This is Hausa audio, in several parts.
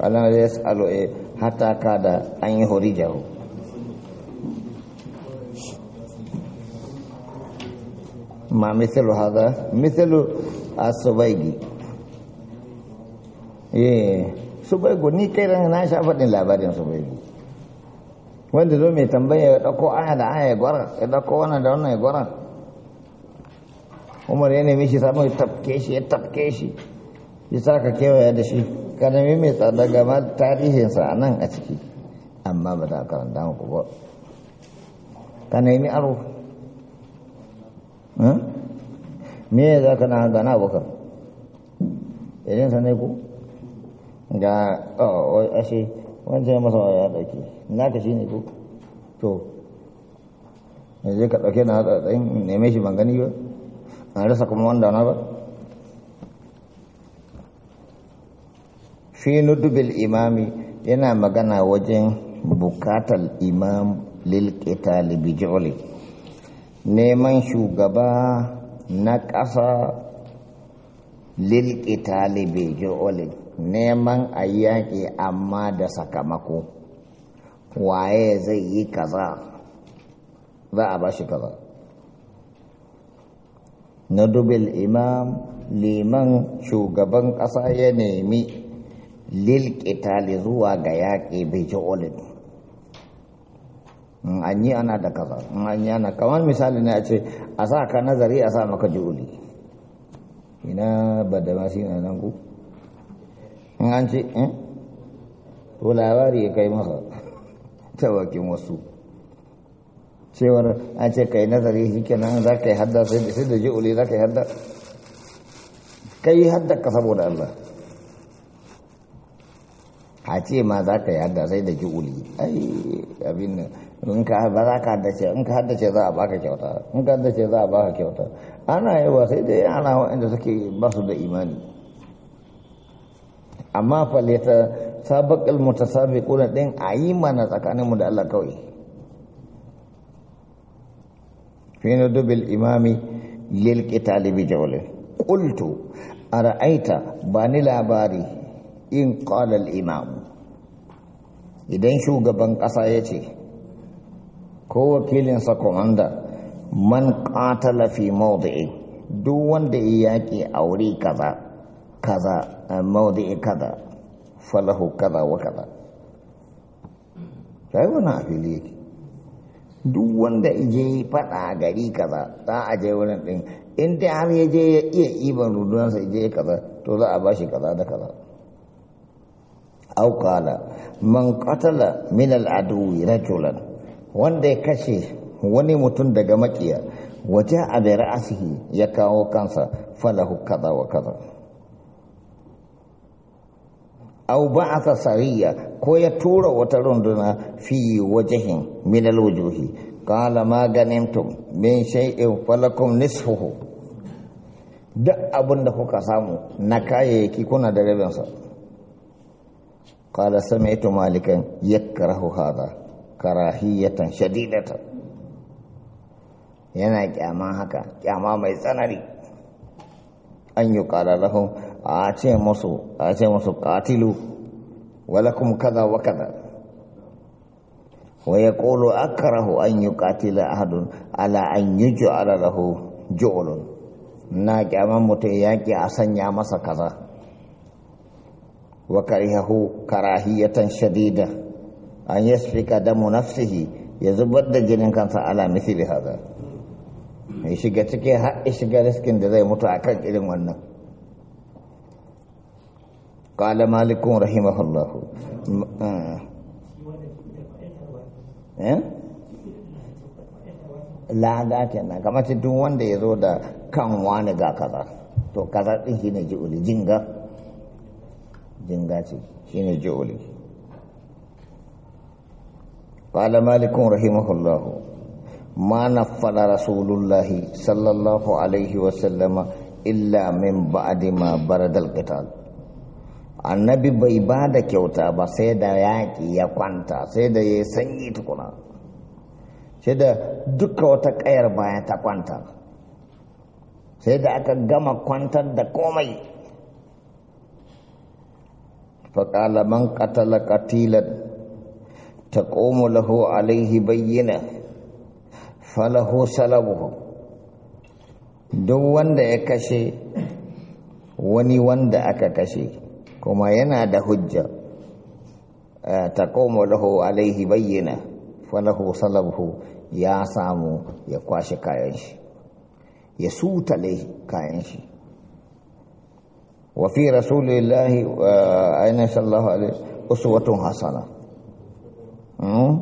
kana ya tsalo e hata ka da an yi hori ma misalu haza misalu a subaigi eh subaigo ni kai ran na sha faɗin labarin subaigo wanda zo mai tambaya ya ɗauko aya da aya ya gwara ya ɗauko wannan da wannan ya gwara umar ya nemi shi samun ya tafke shi ya tafke shi ya saka kewaya da shi ka mai tsada gama tarihinsa a nan a ciki amma ba za karanta muku ba ka ni aro hmm? me za ka na gana abokan irin sa ne ku ga ashe wancan masa ya dauke na ka shi ne ku to yanzu ka dauke na haɗa ɗayin neme shi ban gani ba an rasa kuma wanda na ba fi nudubil imami yana magana wajen bukatar imam lil qitali neman shugaba na ƙasa lil qitali neman a yaƙi amma da sakamako waye zai yi kaza za a ba shi kaza na imam liman shugaban ƙasa ya nemi lilƙitali zuwa ga yaƙi bai ji olin an yi ana da kaza an yi ana kamar misali na ce a sa ka nazari a sa maka ji'uli ina ba da masu yana nan ku an ce in eh? to labari ya kai masa ta bakin wasu cewar an ce kai nazari shi kenan za ka yi hadda sai da ji'uli za ka yi hadda kai hadda ka saboda Allah a ce ma za ka yi hada sai da ju'uli ai abin nan in ka ba za ka haddace in ka haddace za a baka kyauta in ka haddace za a baka kyauta ana yawa sai dai ana wa'anda suke ba su da imani amma faleta sabakal mutasabiquna din a yi mana tsakaninmu da Allah kawai fi dubil imami lil qitali bi jawli qultu ara'aita bani labari in qala al-imam idan shugaban ƙasa ya ce ko sa komanda man qatala fi mawdi'i duk wanda ya yaƙi a wuri kaza kaza mawdi'i kaza falahu kaza wa kaza sai wannan a fili yake duk wanda ije yi a gari kaza za a je wurin ɗin in dai har ya je ya iya iban rundunarsa ije kaza to za a bashi kaza da kaza au qala man qatala min al rajulan wanda ya kashe wani mutum daga makiya waje a bi ra'asihi ya kawo kansa falahu kaza wa kaza au ba'atha sariya ko ya tura wata runduna fi wajahin min al wujuhi qala ma ganimtum min shay'in falakum nisfuhu duk abin da kuka samu na kayayyaki kuna da rabinsa قال سمعت مالكا يكره هذا كراهية شديدة ينا كاما هكا كاما ما يسنري أن يقال لهم آتي مصو آتي مصو قاتلو ولكم كذا وكذا ويقول أكره أن يقاتل أحد على أن يجعل له جعل نا kyaman متياكي yaƙi مسا كذا Waƙar Yahu ƙarahi ya tan shaɗida. An yi ya sifi ƙaddamu nafsihi. Yanzu bada jinin kansa Ala musulhari. Ya shiga cikin haɗɗin shiga lafkin da zai mutu a kan irin wannan. Kalima alikum rahima har rahuma. Laa zakin nan kamance wanda ya zo da kanwani ga kaza. To kaza in ki ne ji ulujinga. jinga ce shine jawli qala malikun rahimahullah ma nafala rasulullahi sallallahu alaihi illa min ba'di ma baradal qital annabi bai ba da kyauta ba sai da yaƙi ya kwanta sai da ya sanyi tukuna sai da duka wata ƙayar baya ta kwanta sai da aka gama kwantar da komai فقال من قتل قتيلا تقوم له عليه بينه فله سلبه duk wanda ya kashe wani wanda aka kashe kuma yana da hujja ta komo lahu alaihi bayyana falahu salabhu ya samu ya kwashe kayan shi ya sutale kayan shi wa fi الله أين sallallahu alaihi uswatun hasanah hmm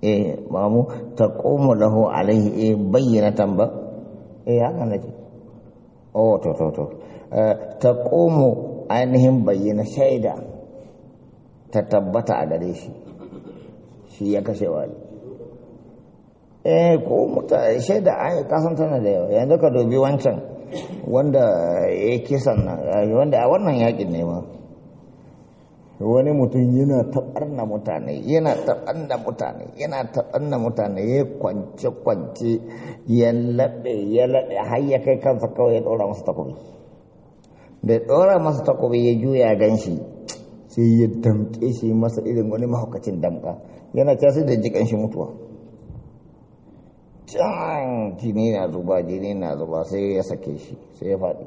eh mamu ta komo lahu alaihi eh bayyana tamba eh haka nake oh to to to ta komo ainihin bayyana shaida ta tabbata a gare shi shi ya kashe wani eh ko muta shaida ai kasan tana da yau yanzu ka dobi wancan wanda ya kisan wanda a wannan yakin ne ma wani mutum yana taɓarna mutane yana taɓarna mutane yana taɓarna mutane ya kwance kwance ya laɓe ya laɓe har ya kai kansa kawai ya ɗora masa takobi da ya ɗora masa takobi ya juya gan shi sai ya damƙe shi masa irin wani mahaukacin damƙa yana casi da jikan shi mutuwa can jini na zuba jini na zuba sai ya sake shi sai ya faɗi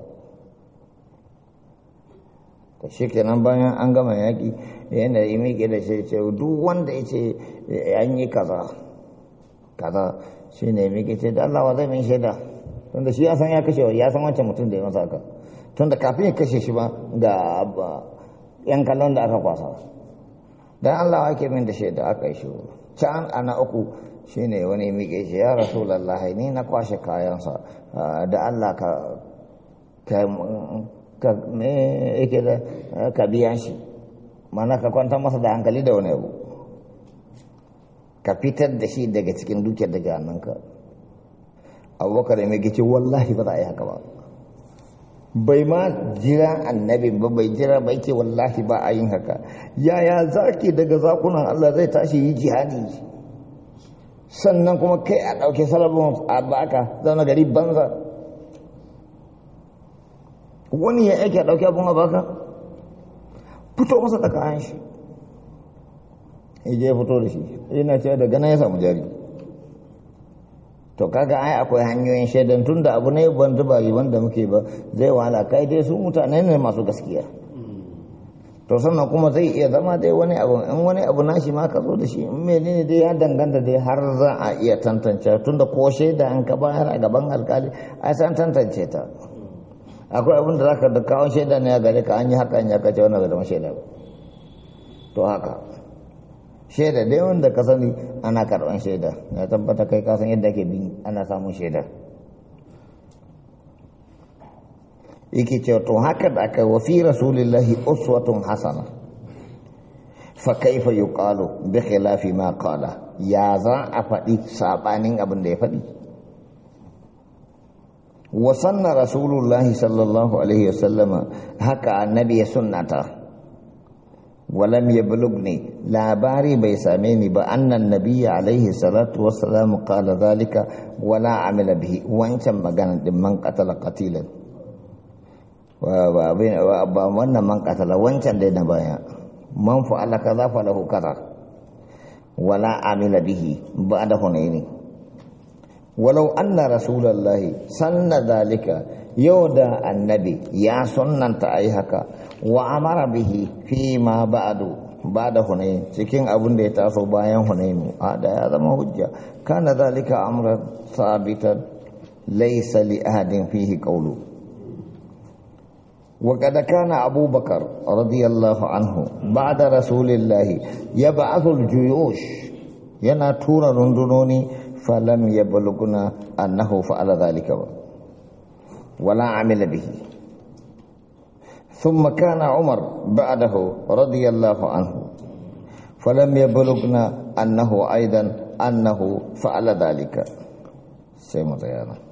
ta shi kenan bayan an gama yaƙi yana yi miƙe da shi ce duk wanda ya ce an yi kaza kaza shi ne miƙe ce da Allah wa zai min shaida tunda shi ya san ya kashe ya san wancan mutum da ya masa haka tunda kafin ya kashe shi ba ga yan kallon da aka kwasa dan Allah wa min da shaida aka yi shi can ana uku shine wani miƙe shi ya rasulallah ni na kwashe kayansa ah, da Allah ka ka da ka eh, biya shi mana ka kwanta masa da hankali da wani abu ka fitar da shi daga cikin dukiyar daga hannunka abubakar ya mai gice wallahi ba za a yi haka ba bai ma jira annabin ba bai jira ba yake wallahi ba a yin haka yaya zaki daga zakunan Allah zai tashi yi jihadi sannan kuma kai a ɗauke salabin a baka zauna gari banza wani ya aiki a ɗauke abin a baka fito masa daga hanshi shi ya fito da shi yana ce daga nan ya samu jari to kaga ai akwai hanyoyin shaidan tun da abu ne ban zuba wanda muke ba zai wahala kai dai su mutane ne masu gaskiya to sannan kuma zai iya zama dai wani abu in wani abu nashi ma ka zo da shi in menene dai ya danganta dai har za a iya tantance tun da ko shaida an ka bayar a gaban alkali ai san tantance ta akwai abin da zaka da kawo shaida ne ya gare ka an yi haka an ya kace wannan bai zama shaida ba to haka shaida dai wanda ka sani ana karban shaida ya tabbata kai ka san yadda ake bin ana samun shaida yake cewa to haka da aka wa fi rasulillahi uswatun hasana fa kaifa yuqalu bi khilafi ma qala ya za a faɗi sabanin abin da ya faɗi wa sanna rasulullahi sallallahu alaihi wasallama haka annabi ya sunnata walam ya ne? labari bai same ni ba annan nabiyya alaihi salatu wassalam qala zalika wala amila bihi wancan magana din man qatala qatilan wa ba wannan man qatala wancan dai baya man fa'ala kaza falahu wala amila bihi ba'da hunaini walau anna rasulallahi sanna dalika yau da annabi ya sunnanta ta yi haka wa amara bihi fi ma ba'adu ba da hunayin cikin abin da ya taso bayan hunayin a da ya zama hujja kana zalika amran sabitan laysa li ahadin fihi qawlu وقد كان أبو بكر رضي الله عنه بعد رسول الله يبعث الجيوش ينا تورا رندنوني فلم يبلغنا أنه فعل ذلك ولا عمل به ثم كان عمر بعده رضي الله عنه فلم يبلغنا أنه أيضا أنه فعل ذلك سيما